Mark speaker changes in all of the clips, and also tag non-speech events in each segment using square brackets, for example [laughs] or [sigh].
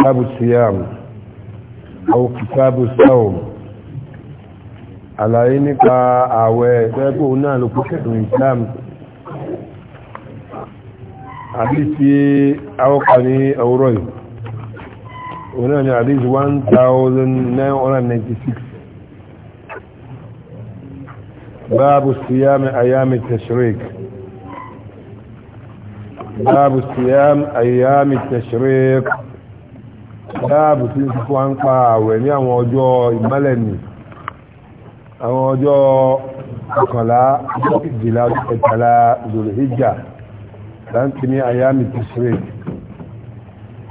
Speaker 1: كتاب الصيام أو كتاب الصوم على إنك أعوى تقول نالو كتاب الإسلام حديثي أوقني أوروي هنا حديث 1996 باب الصيام أيام التشريك باب الصيام أيام التشريك dáàbò tí ó fún wa ń pa àwẹ̀ ní àwọn ọjọ́ ìmọ́lẹ̀ nì àwọn ọjọ́ ọkànlá ìjìlá ẹ̀tàlá ìdòrò hijjá láti ní àyàmì tìsírè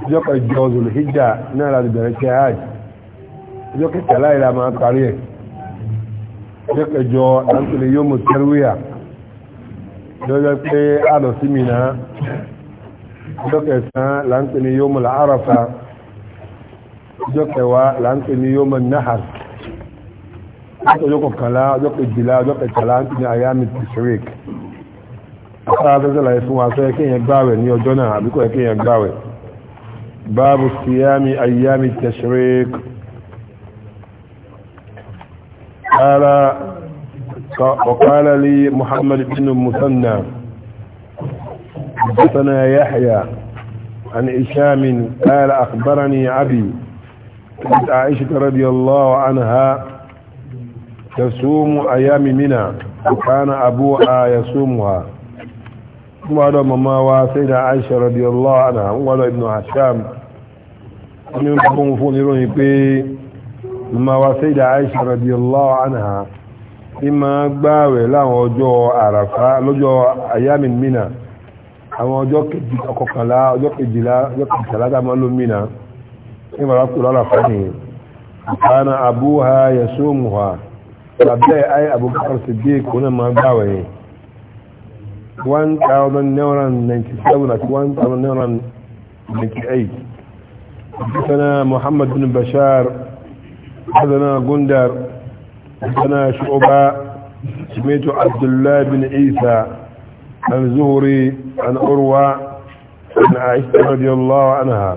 Speaker 1: ọjọ́ kẹjọ ìdòrò hijjá náà láti bẹ̀rẹ̀ kí hajj ọjọ́ kẹtàlá ìlà máa parí ẹ̀ ọjọ́ kẹjọ láti ní yóò mú tẹ́rúwìyà lọ́jọ́ pé àlọ́ sí mìíràn ọjọ́ kẹsàn-án láti ní yóò mú làárọ̀fà ọjọ́ kẹwàá là ń pè ní yóò mọ̀ nahar ọjọ́ kọkànlá ọjọ́ kejìlá ọjọ́ kẹtàlá ń pè ní ayami tishrik afárá fẹ́sẹ̀ láyé fún wa sọ yẹ kéèyàn gbààwẹ̀ ní ọjọ́ náà àbíkọ yẹ kéèyàn gbààwẹ̀ báàbù síyámi ayami tishrik ara وقال لي محمد بن المثنى حدثنا يحيى عن إشام قال أخبرني ابي كانت عائشة رضي الله عنها تسوم أيام منى وكان أبوها يسومها وعلى ماما وسيدة عائشة رضي الله عنها وعلى ابن عشام من قوم فونيروني بي ماما وسيدة عائشة رضي الله عنها إما gbáwẹ̀ láwọn ọjọ́ àràfá lọ́jọ́ àyàmì mìíràn àwọn ọjọ́ kejìlá ọjọ́ kejìlá ọjọ́ kejìlá dámọ́ ló mìíràn ìmọ̀ra kù lọ́la fọ́nì ìfàánà àbúhà yasuumuha tàbí ayé Abubakar Siddiq kò náà máa gbáwẹ̀ yẹn 1997 àti 1998 حدثنا محمد بن بشار حدثنا غندر حدثنا شعبة سميت عبد الله بن عيسى عن زهري عن أروى عن عائشة رضي الله عنها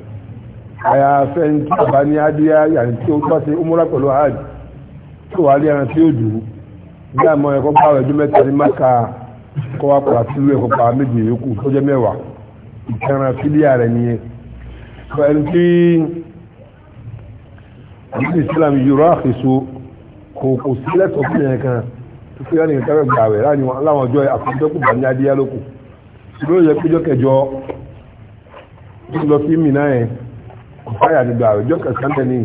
Speaker 1: àyàfẹ́ tí ọba ní adíyá yàní tí ó tọ́ sí umura pẹ̀lú hajj tó wà ní ẹran tí ó dùn ní àmọ́ ẹ̀kọ́ bá rẹ̀ ọdún mẹ́ta ní maka kọ́ wa pàrà sí ilé ẹ̀kọ́ pa méjì yòókù tó jẹ́ mẹ́wàá ìkẹran fílíà rẹ̀ nìyẹn ẹni tí àbúrò Islam yorùbá àfẹ́so kò kò sí lẹ́tọ̀ọ́ fún yẹn kan tó fi ránì kẹfẹ́ gbà rẹ̀ láwọn ọjọ́ àkọ́jọ́kù bá ní adíyá lókù fáyà nígbà rẹ̀ jọ́ kẹsàn-án tẹ̀ ní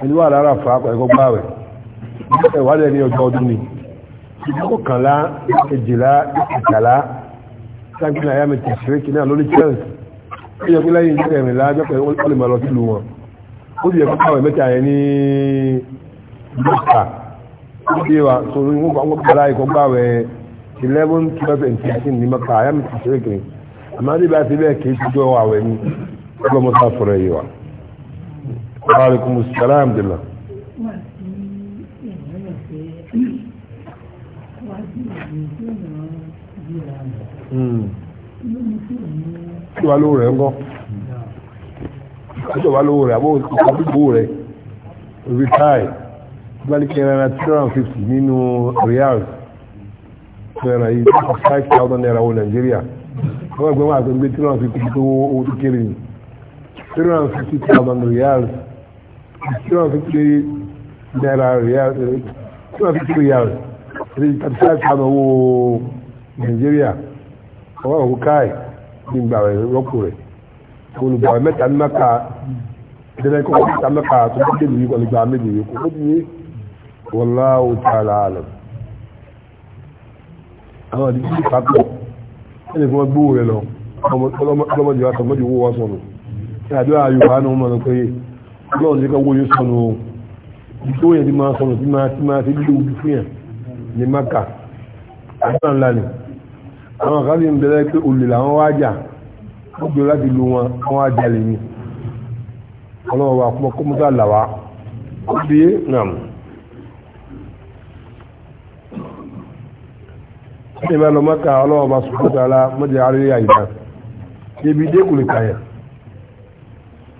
Speaker 1: ẹni wà lára fà á ẹ̀kọ́ gbà rẹ̀ ẹ̀wádẹ̀ ní ọjọ́ ọdún ni ìjọ́kọ̀kànlá ìkejìlá ìkẹtàlá sáàgbìnà ayá mẹ́tì ṣíríkì náà lórí chelsea ó yẹ pé lẹ́yìn ìjọ́ ẹ̀rìnlá ajọ́kọ̀ olùmọ̀ lọ sílùú wọn ó sì yẹ kó káwẹ̀ mẹ́ta yẹn ní mẹ́ta ó sì wà sọ̀rọ̀ ìwọ̀n bá wọ́n bàrá ikọ̀ gbàwẹ̀ eleven twelve and thirteen ní mẹ́ta ayá mẹ́tì ṣíríkì àmọ́ ọlọ́ mọ́ta fọ́rọ̀ yìí wa alaikum salam dìlà kí wà lóò rẹ̀ ń gọ́ kí wà lóò rẹ̀ àbó ìgbàgbó rẹ̀ orí táì gbálíkẹ́ náírà two hundred and fifty nínú riyal náírà yìí five thousand naira wọ nàìjíríà wọ́n gbé wọn àgbẹ̀gbẹ̀ hundred and fifty tó kéré yìí three hundred fifty thousand riyals three hundred fifty naira riyals three hundred fifty riyals three thirty five thousand o Nàìjíríà ọwọ́ òkú káì ní ìgbà rẹ̀ rọ́pò rẹ̀ olùgbàwẹ̀ mẹ́ta ní mẹ́ka ìdẹ́rẹ́ kọ́kọ́ mẹ́ta mẹ́ka tó bá débi yìí olùgbà méjì yìí kókó bí wallahu ta'ala alam àwọn àdìsí ìfàkùn ẹni fún ọgbó rẹ̀ lọ ọlọ́mọdé wa sọ mọ́jú owó wa sọnù tàbí ààyò hánà ọmọ rẹ̀ pé ọlọ́run jẹ́ káwọ́ yóò sọnù ohun tó yẹ ti máa sọnù tí máa ti máa ti lílo ojú fún yàn ní maka àdúrà ńlá ni àwọn kan sì ń bẹ̀rẹ̀ pé olè làwọn wá jà wọ́n gbé láti lu wọn àwọn ajalè ni ọlọ́run wa kọ́ kọ́mọ́tà làwà ó bí nàmù. ní ìbálòmọ́ka ọlọ́run bá sọ̀rọ̀ sọ̀rọ̀ mọ́jà àríyá ìdá débi dé kò lè kàyàn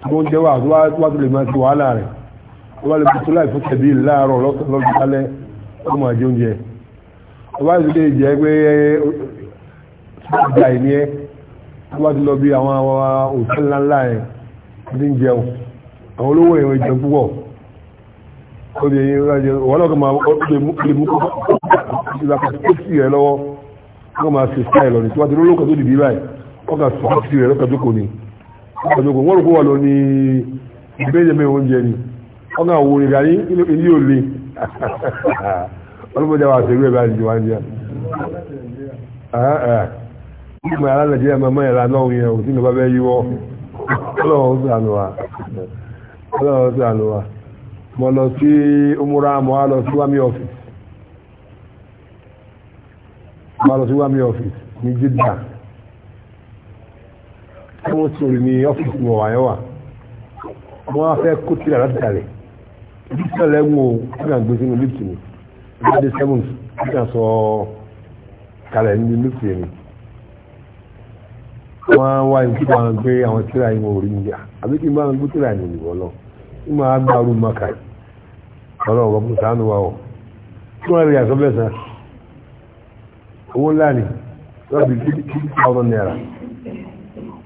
Speaker 1: àwọn oúnjẹ wà wá tó lè máa ti wàhálà rẹ̀ wọ́n bá lè fi túláì fún tẹ̀bí láàárọ̀ lọ́sọ̀lọ́sọ̀ alẹ́ ọmọ àjẹ oúnjẹ wọ́n bá ti lè jẹ́ pé ọjà ìní ẹ́ wọ́n bá ti lọ bí àwọn òṣèlú ńláńlá ẹ̀ ti ń jẹun àwọn olówó ẹ̀rọ ìjẹun púpọ̀ ọdẹ yìí rájẹ wọ́n lọ́kọ̀ máa ọdẹ mú ìlàkàtúkọ̀sí rẹ̀ lọ́wọ́ wọ́n máa ṣe style ọ̀nì tí wọ́n ti lólókọ̀ tó dìbí ọ̀dọ̀kùn wọ́n rúkú wà lọ ní ìbéjẹ̀mẹ́ oúnjẹ ni ọ̀nà àwọn òrìgà ní ilé òlé [laughs] ọlọ́mọdé wà sí ìwé báyìí wá ní ìgbà ara nàìjíríà máa mọ́ ìlà náà yẹn ò sí ní bábẹ́ yíwọ́ ọlọ́run sí ànúwà ọlọ́run sí ànúwà mo lọ sí umura mo á lọ sí wami office mo á lọ sí wami office ní Jidda tí wọ́n sọ̀rọ̀ ní ọ́fíìsì wọn wáyé wà wọ́n á fẹ́ kó tìlà láti dàlẹ̀ ìdíjọ́ lẹ́wọ̀n o kí n àgbé sínú lift mi ìdájọ́ seven kí n sọ kalẹ̀ ní lift mi wọ́n á wá ikú máa gbé àwọn tìlà yìí wọ́n rí mi yá àbí kí n máa gbé tìlà yìí nìwọ̀ lọ kí n máa gbá arú maka yìí ọlọ́run ọ̀bọ̀n sànù wa o kí wọ́n rí àsọ́bẹ̀sán owó ńlá ni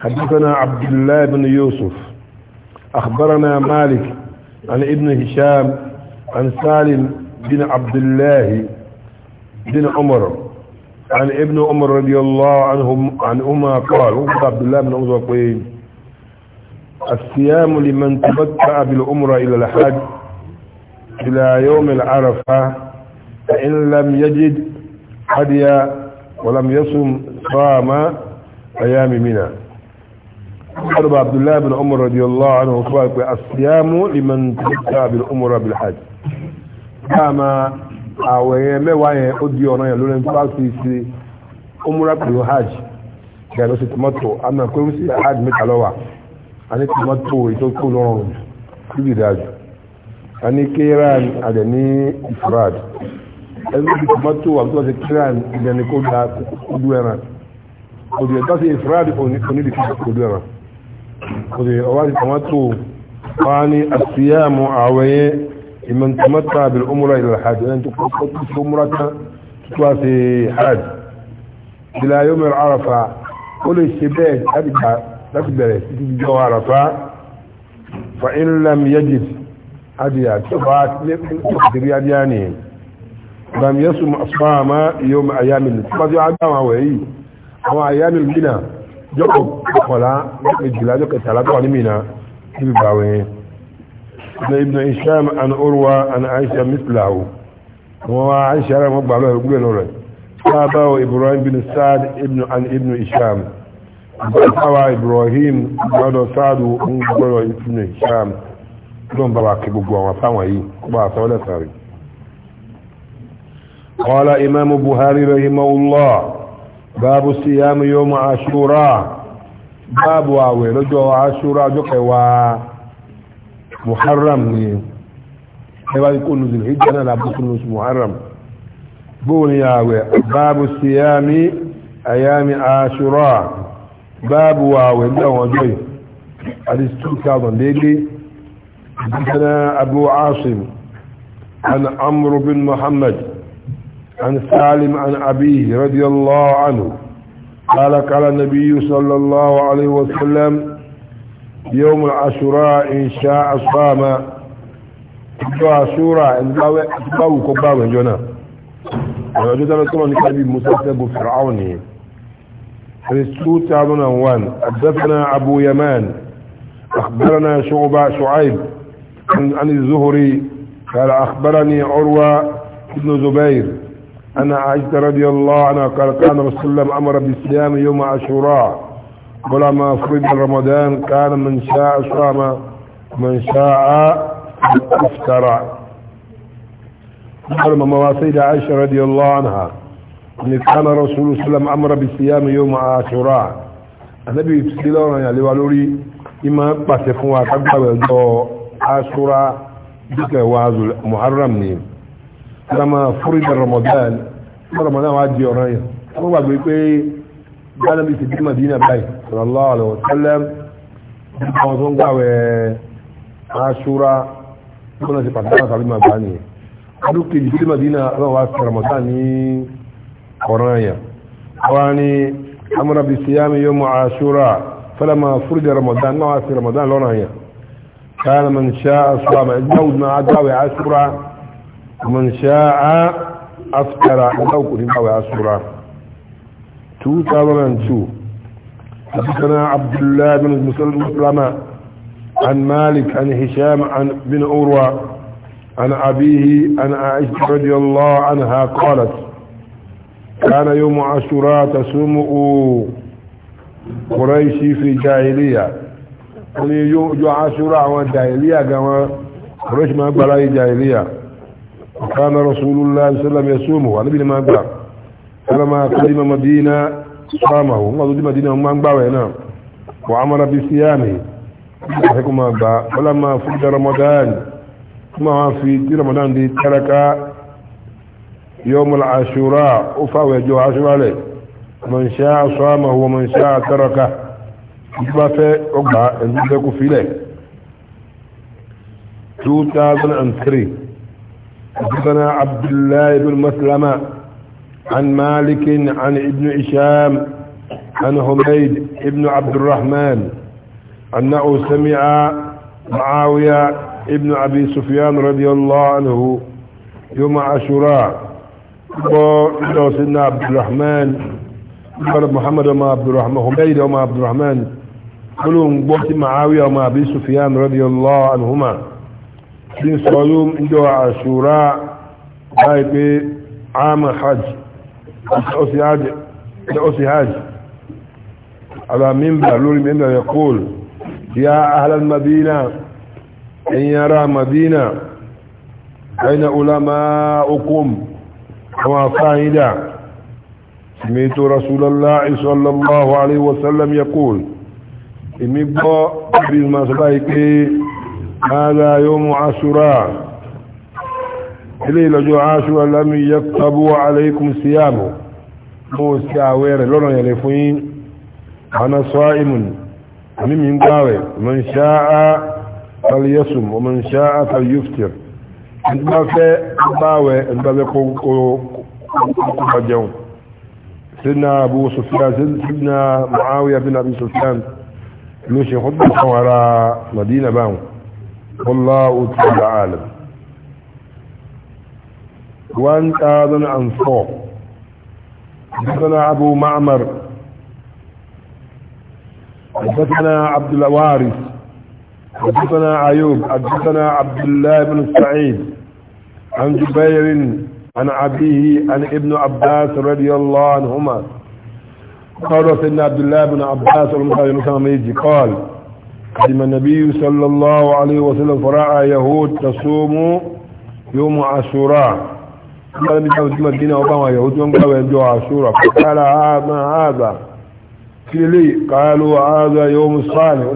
Speaker 1: حدثنا عبد الله بن يوسف أخبرنا مالك عن ابن هشام عن سالم بن عبد الله بن عمر عن ابن عمر رضي الله عنهما عن أما قال عبد الله بن عمر قيل الصيام لمن تمتع بالعمرة إلى الحج إلى يوم العرفة فإن لم يجد هديا ولم يصم صام أيام منى أربع عبد الله بن عمر رضي الله عنه وصفاك الصيام لمن تبتع بالأمر بالحج كما أعوية مواية أديونا يلون فاسي سي أمر بالحج كانوا ستمتو أما كل سي حاج متعلوة أنا تمتو يتوكو لون كل داج أنا كيران أدني إفراد أنا تمتو أبتوى كيران أدني كل داج أدوانا أدوانا أدوانا أدوانا أدوانا قاني الصيام عوية لمن تمتع بالأمرة إلى الحاج لأن تقول أمرة تتواسي حاج إلى يوم العرفة كل الشباب أبدا تقدر تجو عرفة فإن لم يجد أبيات شفعات تقدر يعني لم يصم أصفاما يوم أيام النسبة هذا ما هو أيام البناء jọ́kọ̀ kọkànlá méjìlá jọ́kọ̀ tààlá tó wà ní mìíràn níbi bàwẹ̀ yẹn ibn ibn isham an urwa an aisha mislahu wọn wá aisha rẹ̀ wọ́n gbà lọ́rẹ̀ gúlẹ̀ lọ́rẹ̀ sábàwọ̀ ibrahim bin saad ibn an ibn isham gbàtàwà ibrahim gbọ́dọ̀ saadu ń gbọ́dọ̀ ibn قال إمام بهاري رحمه الله باب صيام يوم عاشوراء باب واوي لجو عاشوراء جوكوا محرم ني ايوا يكون ذي الحجه انا ابو كنوس محرم بون ياوي باب صيام ايام عاشوراء باب واوي لو جوي ارسطو كان ديجي حدثنا ابو عاصم عن عمرو بن محمد عن سالم عن أبيه رضي الله عنه قال قال النبي صلى الله عليه وسلم يوم العشراء إن شاء صام عشراء إن باو كباو جنا وجد رسول الله نبي موسى سبو فرعون رسول تعالى وان حدثنا أبو يمان أخبرنا شعبة شعيب عن الزهري قال أخبرني عروة بن زبير أنا عائشة رضي الله عنها قال كان رسول الله أمر بالصيام يوم عاشوراء ما فرض رمضان كان من شاء صام من شاء افترى قال مواسيد عائشة رضي الله عنها أن كان رسول الله صلى أمر بالصيام يوم عاشوراء النبي صلى الله عليه وسلم إما pàṣẹ fún wa kágbàwẹ̀ lọ aṣúra díkẹ̀ wàázù لما فرد رمضان رمضان وعد يورايا wọ́n gbàgbé pé gánàbí ti dé madina báyìí sallallahu alaihi wasallam àwọn tó ń gbàwẹ̀ aṣúra tó náà ti pàtàkì àtàrí máa bá nìyẹn ọdún kejì dé madina ọlọ́run wá sí ramadan ní ọ̀ranyà wọ́n ní amúra bíi siyami yawm aṣúra falamma fúrúdì ramadan náà wá sí ramadan lọ́ranyà kana man sha'a sọ́ọ̀mà ẹgbẹ́ òdùnà agbáwẹ̀ aṣúra من شاء أفترى أو كريم أو أسرى 2002 حدثنا عبد الله بن مسلمة عن مالك عن هشام عن بن أوروى عن أبيه عن عائشة رضي الله عنها قالت كان يوم عاشوراء تسمؤ قريشي في جاهلية يعني يوم عاشوراء وجاهلية قريش ما بلاي جاهلية وكان رسول الله صلى الله عليه وسلم يصومه على ابن ما قال فلما قدم مدينة صامه الله دي مدينة ما قال وعمر بصيامه حكما با فلما فرد رمضان ما في رمضان دي ترك يوم العاشوراء وفاوى جو عاشوراء من شاء صامه ومن شاء تركه ما في أقبع أنت في له 2003 حدثنا عبد الله بن مسلمة عن مالك عن ابن هشام عن حميد ابن عبد الرحمن أنه سمع معاوية ابن أبي سفيان رضي الله عنه يوم عاشوراء سيدنا عبد الرحمن محمد وما عبد الرحمن حميد وما عبد الرحمن قلوا معاوية وما أبي سفيان رضي الله عنهما في صيوم جو عاشوراء هاي عام الحج أسي حاج أسي حاج على منبر لولي منبر يقول يا أهل المدينة إن يرى مدينة أين علماؤكم هو قاعدة سمعت رسول الله صلى الله عليه وسلم يقول إمي بو بالمسلايكي هذا يوم عاشوراء إليه لجو عاشوراء لم يكتبوا عليكم صيامه موسى وير لونا يلفين أنا صائم من من قاوي من شاء فليصم ومن شاء فليفطر أنت ما في قاوي أنت بيقول قجون سيدنا أبو سفيان سيدنا معاوية بن أبي سفيان لو شيخ خد وراء مدينة باهم والله تعالى عالم 1004 حدثنا ابو معمر حدثنا عبد الوارث حدثنا ايوب حدثنا عبد الله بن سعيد عن جبير عن أبيه عن ابن عباس رضي الله عنهما قال سيدنا عبد الله بن عباس رضي الله عنهما قال قدم النبي صلى الله عليه وسلم فرأى يهود تصوم يوم عاشوراء قال النبي صلى المدينة عليه يهود يوم قبل عاشوراء فقال ما هذا في لي قالوا هذا يوم الصالح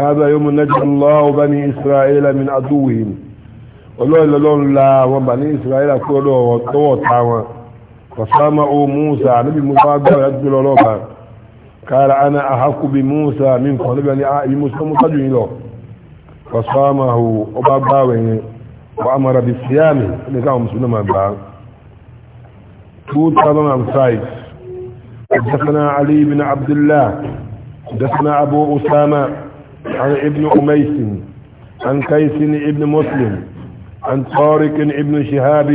Speaker 1: هذا يوم نجى الله بني إسرائيل من عدوهم ولولا لون لا وبني إسرائيل كلوا وطوطوا فصاموا موسى نبي موسى قال يدل لوكا قال أنا أحق بموسى من قلب اي موسى مطجعي له فصامه وين وأمر بالصيام قام مسلم من بعض توت طبعا مسايد حدثنا علي بن عبد الله حدثنا أبو أسامة عن ابن أميس عن كيس ابن مسلم عن طارق ابن شهاب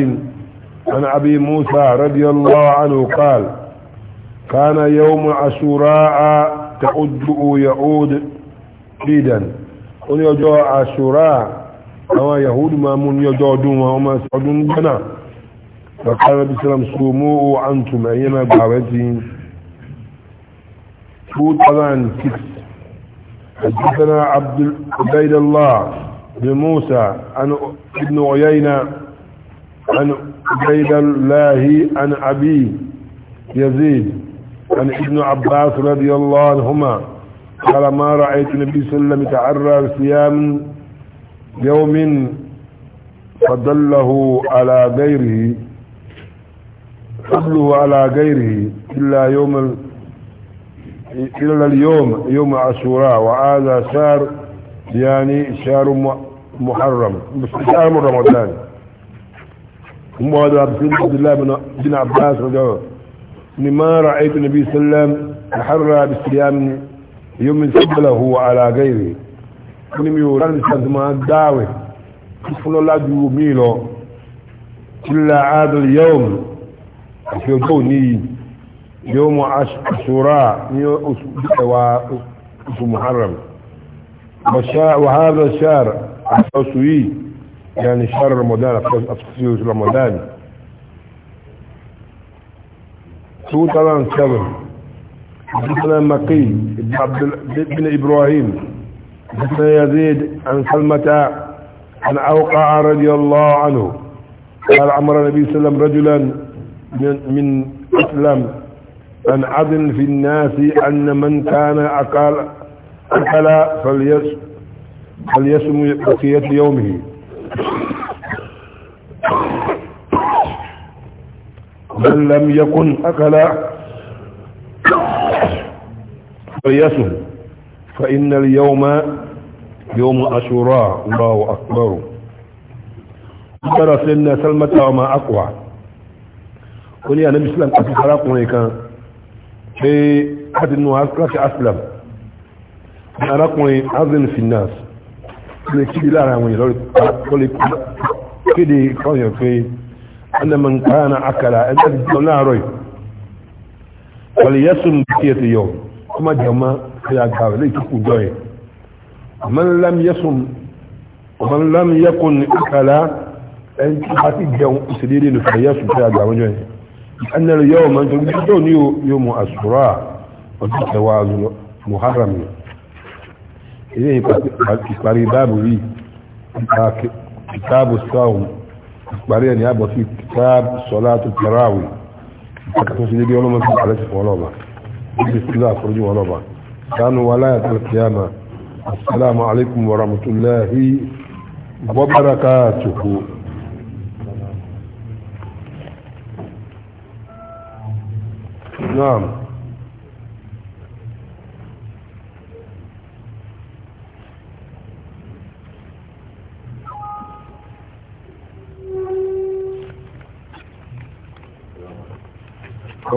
Speaker 1: عن أبي موسى رضي الله عنه قال كان يوم عاشوراء تعده يعود عيدا ان يجو عاشوراء او يهود ما من يجودون وما سعدون بنا فقال النبي صلى الله عليه وسلم سوموا انتم ايما دعوتي 2006 حدثنا عبد عبيد الله بن موسى عن ابن عيينة عن عبيد الله عن أبي يزيد عن ابن عباس رضي الله عنهما قال ما رأيت النبي صلى الله عليه وسلم يتعرى صيام يوم فدله على غيره فضله على غيره إلا يوم إلا اليوم يوم عاشوراء وهذا شهر يعني شهر محرم شهر رمضان هو هذا عبد الله بن عباس رضي الله عنه مما رأيت النبي صلى الله عليه وسلم تحرى بالسلام يوم سبله على غيره كنم يوران سازما داوي كفل الله جو ميلو كل عاد اليوم أشيطوني يوم عشورا نيو أسو محرم وهذا الشهر أسوي يعني شهر رمضان أفكسيوش رمضان رمضان 2007 حدثنا مقي بن عبد بن ابراهيم حدثنا يزيد عن سلمة عن اوقع رضي الله عنه قال عمر النبي صلى الله عليه وسلم رجلا من اسلم ان اذن في الناس ان من كان اقل اكل فليسم بقية يومه من لم يكن أكل فليسه فإن اليوم يوم أشوراء الله أكبر أكبر سنة سلمة وما أقوى قل يا نبي سلام أفي خلاقنا كان في أحد النواس أسلم أراقني أذن في الناس لكي لا رأوني لو كده كده أن من كان أكلا أجل فليسم بقية يوم كما جمع يا جاوي ليس كجوي من لم يسم ومن لم يكن أكلا أن تحتي جاو سديرين فليسم يا جاوي أن اليوم أنتم تجدون يوم أسراء وتتوازن محرم إليه قريباب لي كتاب الصوم parí ẹni àbọ̀ sí kitab salatu tarawih ìpàkàtún sí débi ọlọ́mọ sí àlẹ́ sí fún ọlọ́ba níbi sílẹ̀ àforíjì wọn ọlọ́ba sanu wa láyà tó kíyàmà asalaamu alaykum wa rahmatulahi wa barakatuhu. Naam.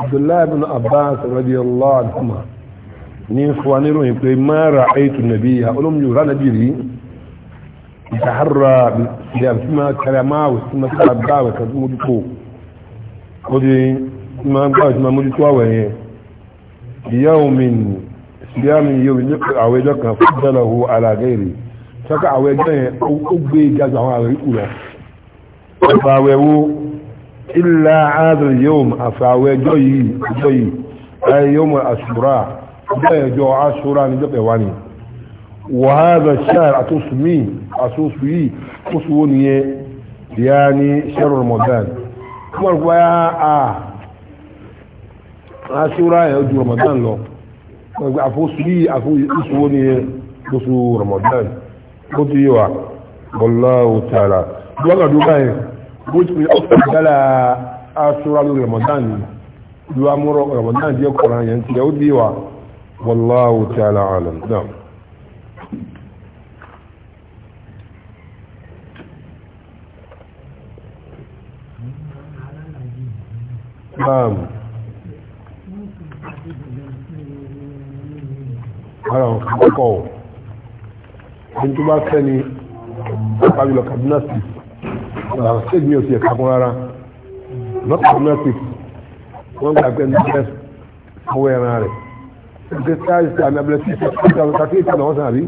Speaker 1: abdullahi bin abbas radiyallahu anhu ní fún wa níròyìn pé ma ra'aytu nabiyya olóhùn yóò rà nàbí rí ìtàhárà bí a fi máa kẹrẹ a máa wò sí máa sára bá àwẹ̀ kan tó mójútó ó di máa gbá òsì máa mójútó àwẹ̀ yawmin síyámi yóò ní àwẹ̀ ẹjọ́ kan fún ìdánilọ́wọ́ alágẹ́ rẹ̀ sọ́kà àwẹ̀ ẹjọ́ yẹn ó gbé ìjáde àwọn àwẹ̀ ikú rẹ̀ ọ̀pọ̀ wo ilá ààbẹ̀ yóò àfàwẹ́ ẹjọ́ yìí ẹjọ́ yìí ayé yóò mọ̀ àṣùrà ọjọ́ ẹjọ́ àṣùrà ní jọ́pẹ̀ wá ni wàhálà ṣáàr àtúnṣùmí àtúnṣù yìí oṣù wo nìyẹn ìyá ní ṣẹ́rù Ramadan wọ́n rẹ̀ pé a àṣùrà ẹ̀ ojú bó ti pè ọ́fẹ́ ìdálà aṣọ́ra lórí Ramadan ló wá múrọ̀ Ramadan jẹ́ kọ̀ọ̀rọ̀ yẹn ti yẹ́ ó di wa wallahu ta'ala alam náà. Naam. Ara ọ̀kan kọ̀ọ̀. Ẹni tó bá fẹ́ ni, ó pàjùlọ Kaduna stage mi ò tiẹ̀ kakún rárá lọ́pọ̀ mẹ́tìk wọ́n gbà pé nígbà owó ẹran rẹ̀ ṣe táyì sí àmì abẹ́lẹ́ títí títí kàkí ìta náà wọ́n sàn àbí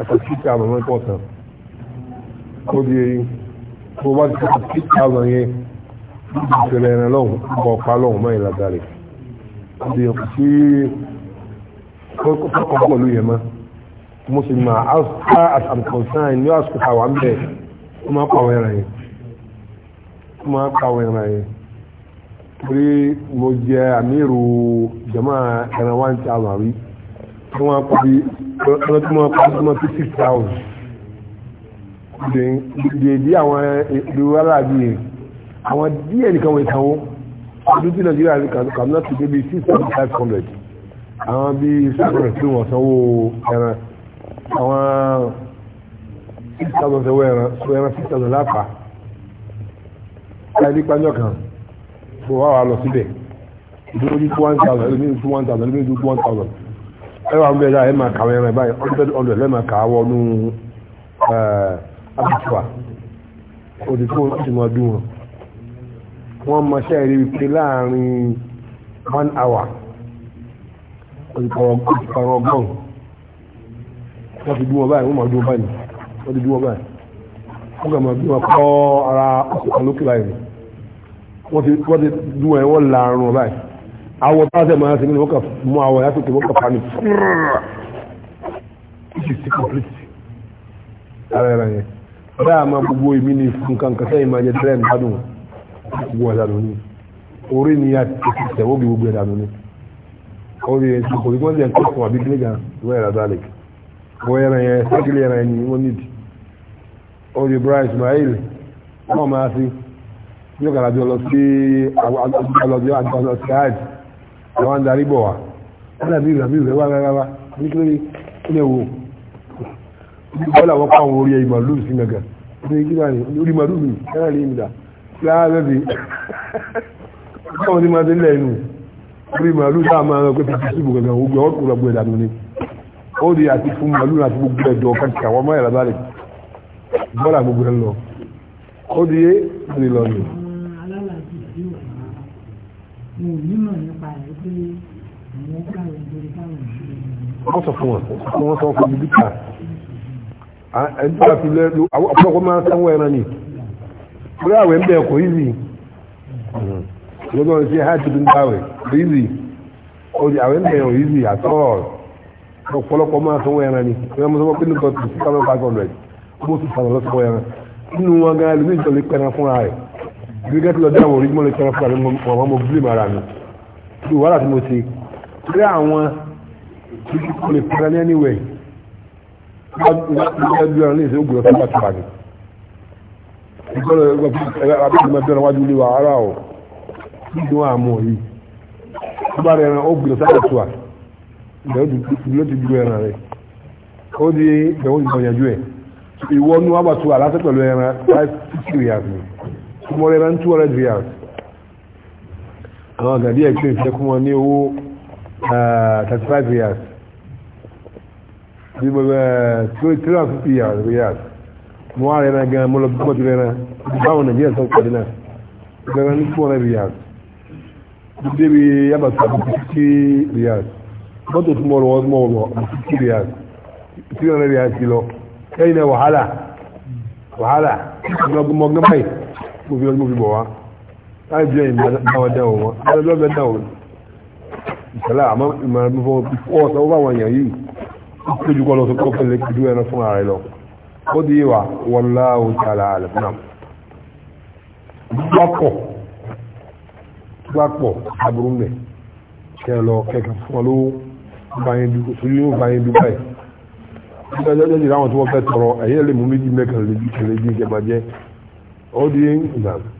Speaker 1: àtàkì ìta àmọ́ mẹ́tọ́ sàn ó di eyín tó bá ti kàkí ìta àwọn yẹn ìṣẹ̀lẹ̀ ẹran lọ́hùn bọ̀ pa lọ́hùn mọ́ ìlàdà rẹ̀ ó di ọkọ̀ sí kọ́kọ́ pẹ̀lú yẹn mọ́ mo sì máa as far as i'm concerned ní àsìkò àwọn àmì bẹ́ẹ̀ ó máa pàwọn ẹran yẹn ó máa pàwọn ẹran yẹn torí mo jẹ àmírù jama ẹran one thousand rí tí wọ́n pa bí ọlọ́tí wọ́n pa bí wọ́n ti six thousand dèédé àwọn ìlú aláàbí yẹn àwọn díẹ̀ nìkan wọ̀ ìsanwó ọdún tí nàìjíríà rí kàdúnà ti dé bíi six thousand five hundred àwọn bíi six hundred tí wọ́n sanwó ẹran àwọn six thousand ṣe wọ ẹran ṣe ẹran six thousand lápá káyọ̀ nípa ọjọ́ kan tó wà wà lọ síbẹ̀ ìdúró ní two one thousand ẹlòmíì two one thousand ẹlòmíì two one thousand ẹ wà ń bẹ dáa ẹ máa kàwé ẹran báyìí hundred hundred lẹ́ẹ̀ máa kà á wọnú abituwa òdì tó o sì máa dùn wọn wọ́n máa ṣe ìrírí pé láàrin one hour òdì kọ̀ọ̀rọ̀ ọgọ́rùn-ún wọ́n fi dùn wọn báyìí wọ́n máa dùn wọn báyìí wọ́n ti bí wọ́n báyìí wọ́n kàn máa bí wọn kọ́ ara ọkùnrin lókè báyìí wọ́n ti wọ́n ti dún ẹ̀ wọ́n la arun wọn báyìí awọ tá a sẹ́ máa ń sinmi wọ́n kàn mú awọ yà sókè wọ́n kàn fani fúrúrúrú ìṣe sí complete ara ẹ̀rọ yẹn báyà máa gbogbo èmi ní nǹkan kan sẹ́yìn máa jẹ dẹ́rẹ́ ìgbádùn gbogbo ẹ̀dá lónìí orí ni a ti ti tẹ̀wọ́ bí gbogbo ẹ̀dá lónìí orí ẹ̀ ti kò ní wọ́n ti ẹ̀ ń kọ́ fún àbí gílẹ̀ gan wọ́n ẹ̀rọ dálẹ̀ wọ́n ẹ̀rọ yẹn sẹ́gílẹ̀ ẹ̀rọ yẹn ni wọ́n nídìí orí bra Ismail wọ́n máa fi yóò kàrà jọ lọ sí alọ́jọ́ àjọ sáàd àwọn adarí bọ̀ wá wọ́n dàbí ìrìnàbí rẹ̀ wá rárá wá ní kí lórí kí lè wo bọ́lá wọ́n pa àwọn orí ìmọ̀lú sí mẹ́gà ní kí láàrin orí ìmọ̀lú mi kẹ́rà ní ìmìlá láàárẹ̀ bí báwọn ní máa dé lẹ́nu orí ìmọ̀lú sáà máa rẹ̀ pé fi síbù gẹ̀gẹ̀ ogun ọ̀pọ̀lọpọ̀ ẹ̀dà nù ni ó di àti fún màlúù àti gbogbo ẹ̀dọ̀ kàkà wọ́n mọ́ ẹ̀rọ bá rẹ̀ bọ́là gbogbo ẹ̀ lọ ó di yé ní lọ ni. wọ́n sọ fún wọn wọ́n sọ fún mi bí ká ẹni tó bá fi lẹ́ ọ̀pọ̀lọpọ̀ máa sanwó ẹran ni orí àwẹ̀ ń bẹ̀ kò ízì lọ́gbọ́n sí hajj tó ń dáwẹ̀ kò ízì àwẹ̀ ń bẹ̀ kò ízì àtọ́ ọ̀pọ̀lọpọ̀ máa sanwó ẹran ni wọ́n mú sọ́kọ́ pé ní kọ́tù sí kámẹ́ five bó ti fàlọ́ lọ́sọ̀kọ́ yẹn nínú wọn gan ẹlòmíì tó lè pẹ́ran fúnra rẹ̀ gírígẹ́ tó lọ dáwọ̀ orí mọ́ lè pẹ́ran fúnra rẹ̀ wọ́n mọ́ bílíìmù ara mi bí wàhálà tí mo ṣe rí àwọn títí kò lè pẹ́ran ní ẹniwẹ̀ ìgbàlódé ẹran ó gbìyànjú ẹran rẹ̀ ó di ẹ̀wọ̀n ìgbọ̀nyànjú ẹ̀ ìwọ ní wọ́n bá tó àlásí pẹ̀lú ẹran 560 riyals ni kúmọ̀ ẹran 200 riyals àwọn àgàdí ẹ̀kí ìfẹ́ kúmọ̀ ní owó 35 eh, riyals bí mo bẹ̀ 350 riyals mo wá rẹran gan mo lọ bí mo ti rẹran báwọn nàìjíríà sọ pàdé náà rẹran ní 200 riyals débi yabata 50 riyals mọ́tò tó mọ̀ lọ́wọ́ tó mọ̀ lọ́wọ́ 50 riyals 300 riyals lọ lẹ́yìn náà wàhálà wàhálà mọ̀gbọ́n báyìí mo fi ọdún mo fi bọ̀ wá láì bí ẹ̀yìn báwa dáwọ̀ wọn lọ́dọ̀ lọ́dọ̀ dáwọ̀ ìṣẹ̀lá àmọ́ ìmọ̀ràn mi fọwọ́ ọ̀sán ó bá wọn yàn yìí ó kójú kọ́ lọ sí kọ́kọ́ lè kojú ẹran fún ara rẹ lọ ó di ìwà wallahu ta'ala àlẹ́ fún àmọ́ gbapọ̀ gbapọ̀ aburú mẹ́ kẹ́ lọ kẹ́kẹ́ fún ọ lówó báyìí dúpọ̀ nígbà jọjọ jìnnà àwọn tí wọn fẹ́ tọrọ ẹyẹ lè mú méjì mẹkànlélógún ọdún yẹn gbà.